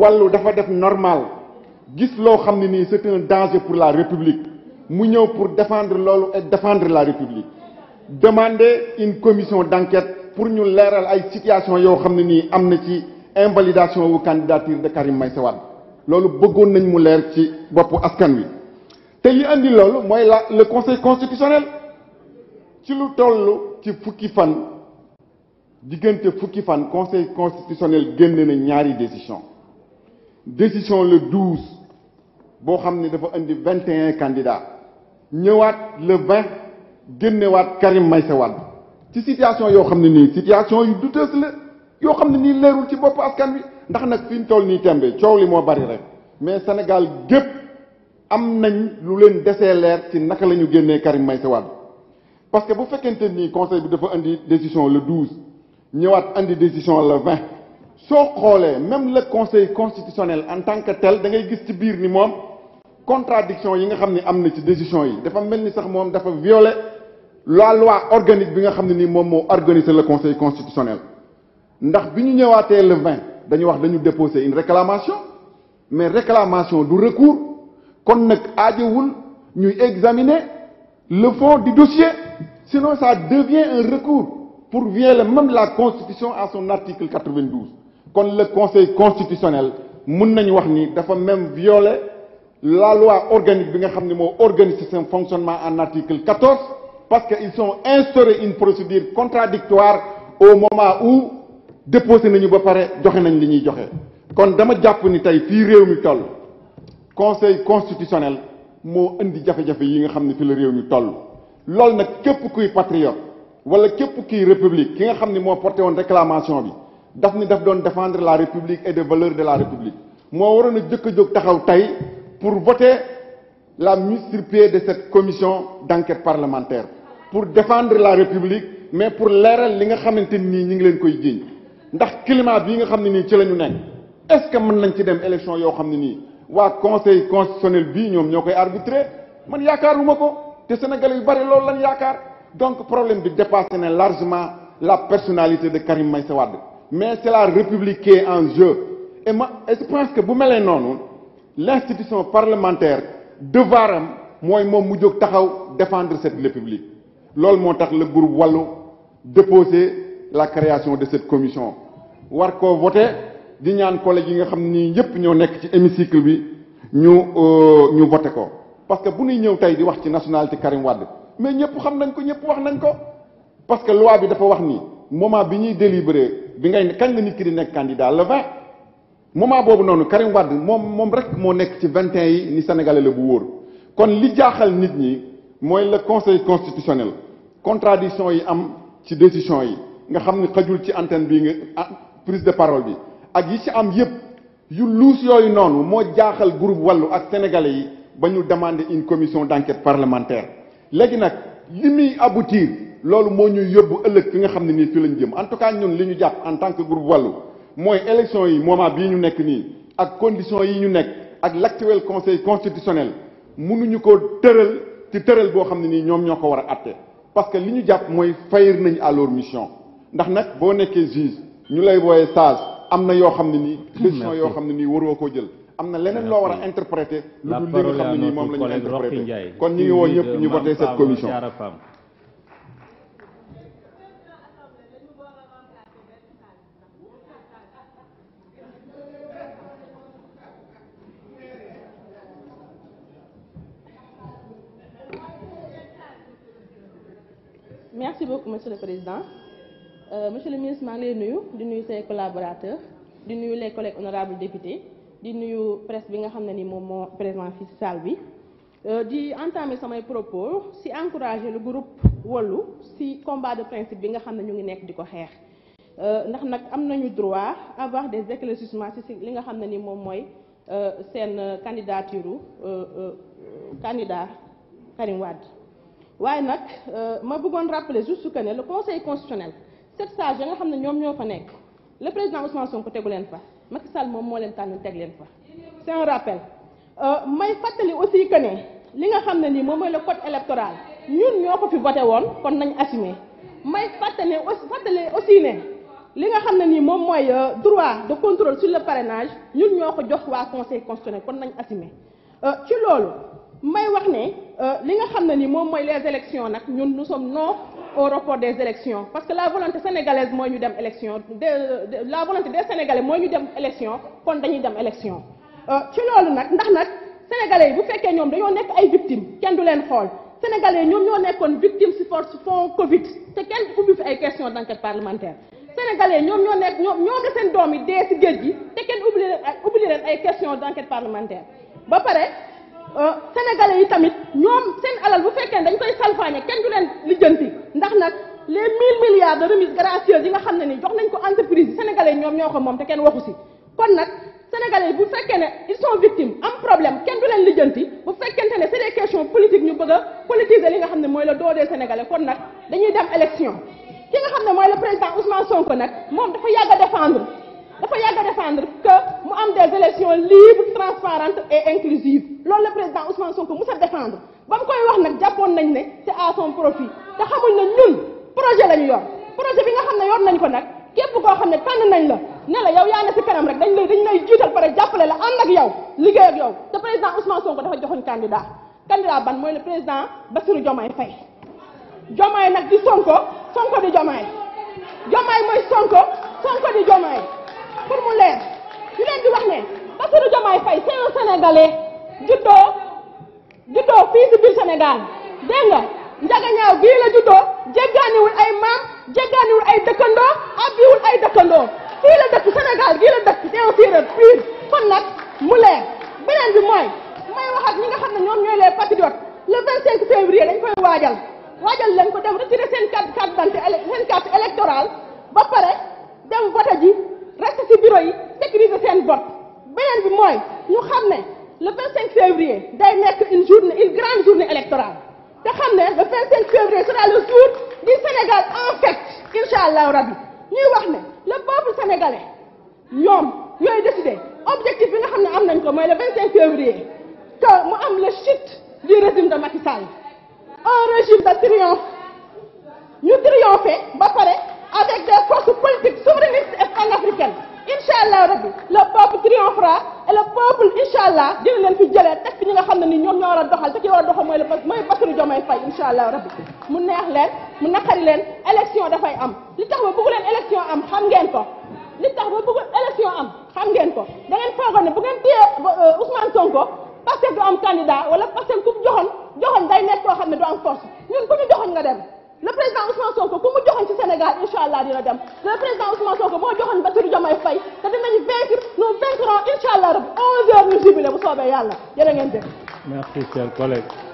wallu dafa def normal gis loo xam ne nii c'est un danger pour la République mu ñëw pour défendre loolu et défendre la République demander une commission d'enquête pour ñu leeral ay situation yoo xam ne nii am na ci invalidation wu candidature de Karim Meïssa Wade loolu bëggoon nañu mu leer ci boppu askan wi te li andi loolu mooy la le conseil constitutionnel ci lu toll ci fukki fan diggante fukki fan conseil constitutionnel génne na ñaari décision décision le 12 boo xam ne dafa indi 21 candidats ñëwaat le 20 génnewaat Karim Meïssa Wade ci situation yoo xam ne nii situation yu douteuse la yoo xam ne nii leerul ci bopp askan wi ndax nag fi ñu toll nii tembe coow li moo bari rek mais Sénégal gépp am nañ lu leen desee leer ci naka la ñu génnee Karim Meïssa Wade parce que bu fekkente nii conseil bi dafa indi décision le 12 ñëwaat indi décision le 20. soo xoolee même le conseil constitutionnel en tant que tel da ngay gis ci biir ni moom contradiction yi nga xam ni am na ci décision yi dafa mel ni sax moom dafa violer la loi organique bi nga xam ne ni moom moo organiser le conseil constitutionnel ndax bi ñu ñëwaatee le 20 dañu wax dañu déposer une réclamation mais réclamation du recours kon nag aajowul ñuy examiner le fond du dossier sinon ça devient un recours pour violer même la constitution à son article 92 kon le conseil constitutionnel mun nañu wax ni dafa même violer la loi organique bi nga xam ne moo organise seen fonctionnement en article 14 parce que ils ont instauré une procédure contradictoire au moment où déposé nañu ba pare joxe nañ li ñuy joxe kon dama jàpp ni tey fii réew mi toll conseil constitutionnel moo indi jafe-jafe yi nga xam ne fi la réew mi toll loolu nag képp kuy patriote wala képp kuy république ki nga xam ni moo porté woon réclamation bi daf ni daf doon défendre la république et des valeurs de la république moo waroon a jëkk a jóg taxaw tey pour voter la mise sur pied de cette commission d'enquête parlementaire pour défendre la république mais pour leeral li nga xamante nii ñu ngi leen koy jiiñ ndax climat bii nga xam ne nii ci la ñu nekk est-ce que mën nañ ci dem élection yoo xam ne nii waa conseil constitutionnel bii ñoom ñoo koy arbitrer man yaakaar yaakaaruma ko te sénégalais yu bari loolu lañ yaakaar donc problème bi dépassé na largement la personnalité de Karim Meïssa Wade mais c'est la République en jeu. Et, ma, et je pense que bu melee noonu l'institution parlementaire devoir am mooy moom mu jóg taxaw défendre cette République loolu moo tax la groupe Wallu déposer la création de cette commission war ko voter di ñaan collègues yi nga xam nii ñëpp ñoo nekk ci hémicycle bi ñu euh, ñu voter ko parce que bu ñuy ñëw tey di wax ci nationalité Karim Wade mais ñëpp xam nañ ko ñëpp wax nañ ko parce que loi bi dafa wax nii moment bi ñuy délibérer. bi ngay kañ la nit ki di nekk candidat le 20 moment boobu noonu Karim Wade moom moom rek moo nekk ci 21 yi ni sénégalais la bu wóor kon li jaaxal nit ñi mooy le conseil constitutionnel contradiction yi am ci décision yi nga xam ni xajul ci antenne bi nga ah, prise de parole bi ak yi ci am yépp yu luus yooyu noonu moo jaaxal groupe wàllu ak sénégalais yi ba ñu demande une commission d'enquête parlementaire léegi nag li muy aboutir loolu moo ñuy yóbbu ëllëg fi nga xam ne nii fi lañ jëm en tout cas ñun li ñu jàpp en tant que groupe wàllu mooy élection yi moment bii ñu nekk nii ak conditions yi ñu nekk ak l'actuel conseil constitutionnel mënuñu ko tëral ci tëral boo xam ne nii ñoom ñoo ko war a atte parce que li ñu jàpp mooy fayir nañ à leur mission ndax nag boo nekkee juge ñu lay wooyee sage am na yoo xam ne nii décision yoo xam ne nii waroo koo jël am na leneen loo war a interpréter lu dul li nga xam ne nii moom la ñu merci beaucoup monsieur le président euh, monsieur le ministre maa ngi nuyu di nuyu say collaborateurs di nuyu les collègues honorables députés di nuyu presse bi nga xam ne ni moom moo présent fii ci salle bi euh, di entamer samay propos ci encourager le groupe Wallu ci combat de principe bi nga xam ne ñu ngi nekk di ko xeex euh, ndax nag am nañu droit avant des éclaircissements ci li nga xam ne ni moom mooy euh, seen candidature candidat Karim Wade waaye nag euh, ma bëggoon rappeler juste que ne le conseil constitutionnel sept sages ya nga xam ne ñoom ñoo fa nekk le président Ousmane Sonko tegu leen fa Macky Sall moom moo leen tànn teg leen fa c'est un rappel euh, aussi que li nga xam ne nii moom mooy le code électoral ñun ñoo ko fi voté woon kon nañ assumer may fàttali aussi fàttali aussi ne li nga xam ne nii moom mooy euh, droit de contrôle sur le parrainage ñun ñoo ko jox waa conseil constitutionnel kon nañ assumer ci loolu may wax ne euh, li nga xam ne ni moom mooy les élections nag ñun nu sommes non au report des élections parce que la volonté sénégalaise mooy ñu dem élection de la volonté des sénégalais mooy ñu dem élection kon dañuy dem élection euh, ci loolu nag ndax nag sénégalais yi bu fekkee ñoom dañoo nekk ay victimes kenn du leen xool sénégalais ñoom ñoo nekkoon victime si force fond Covid te kenn ubbi fi ay question d'enquête parlementaire sénégalais ñoom ñoo nekk ñoom ñoo nga ba pare Euh, sénégalais yi tamit ñoom seen alal bu fekkee ne dañ koy salfaañe kenn du leen lijjanti ndax nag les mille milliards de remises gracieuses yi nga xam ne ni jox nañ ko entreprise yi sénégalais yi ñoom ñoo ko moom te kenn waxu si kon nag sénégalais yi bu fekkee ne ils sont victimes am problème kenn du leen lijjanti bu fekkente ne c'est ñu bëgg a politiser li mooy la doodee sénégalais kon nag dañuy dem élection ki nga xam ne mooy le président Ousmane Sonko nag moom dafa yàgg a défendre dafa yàgg a défendre que mu am des élections libres transparentes et inclusives loolu la président Ousmane Sonko mus a défendre ba mu koy wax nag jàppoon nañ ne c'est à son profit te xamuñ ne ñun projet la ñu yor projet bi nga xam ne yor nañ ko nag képp koo xam ne tànn nañ la ne la yow yaa na si kanam rek dañ lay dañ lay jiital pare jàppale la ànd ak yow liggéey ak yow te président Ousmane Sonko dafa joxoñ candidat candidat ban mooy le président Bassirou Diomaye Faye Diomaye nag di Sonko Sonko di Diomaye Diomaye mooy Sonko Sonko di Diomaye pour mu leer di leen di wax ne Bassirou Diomaye Faye c'est un sénégalais juddoo juddoo fii biir Sénégal dégg njagañaaw bii la juddoo jéggaaniwul ay maam jéggaaniwul ay dëkkandoo abbiwul ay dëkkandoo fii la dëkk Sénégal gii la dëkk c'est un Sérère pur nag mu leer beneen bi mooy may wax ñi nga xam ne ñoom ñooy les patriotes le 25 février dañ koy waajal waajal leen ko dem retirer seen carte carte d'identité seen carte électorale ba pare dem vote ji rek ci bureau yi sécuriser seen bopp beneen bi mooy ñu xam ne le 25 février day nekk une journée une grande journée électorale te xam ne le 25 février sera le jour du Sénégal en fête incha allahu rabbi ñuy wax ne le peuple sénégalais ñoom yooyu décidé objectif bi nga xam ne am nañ ko mooy le 25 février que mu am le chute du régime de Macky Sall régime de triomphe ñu triomphe ba pare. avec des forces politiques souverainistes et panafricaines inch'Allah rabbi le peuple triomphera et le peuple inch'Allah dina leen fi jëlee teg fi ñi nga xam ne ni ñoom ñoo war a doxal te ki war a doxal mooy le mooy Bassirou Diomaye Faye inch'Allah rabbi mu neex leen mu naqari leen élection dafay am li tax ba bëggu leen élection am xam ngeen ko li tax ba bëggu élection am xam ngeen ko da ngeen foogoon ne bu euh, am xam ne du am force ñun le président Ousmane Sonko ku mu joxoon Sénégal incha allah dina dem le président Ousmane Sonko boo joxoon Bassirou Diomaye Faye te dinañu vaincre nous vaincrons incha allah rabi 11h ñu jubilé bu soobee yàlla jërë ngeen jëf. merci cher collègue.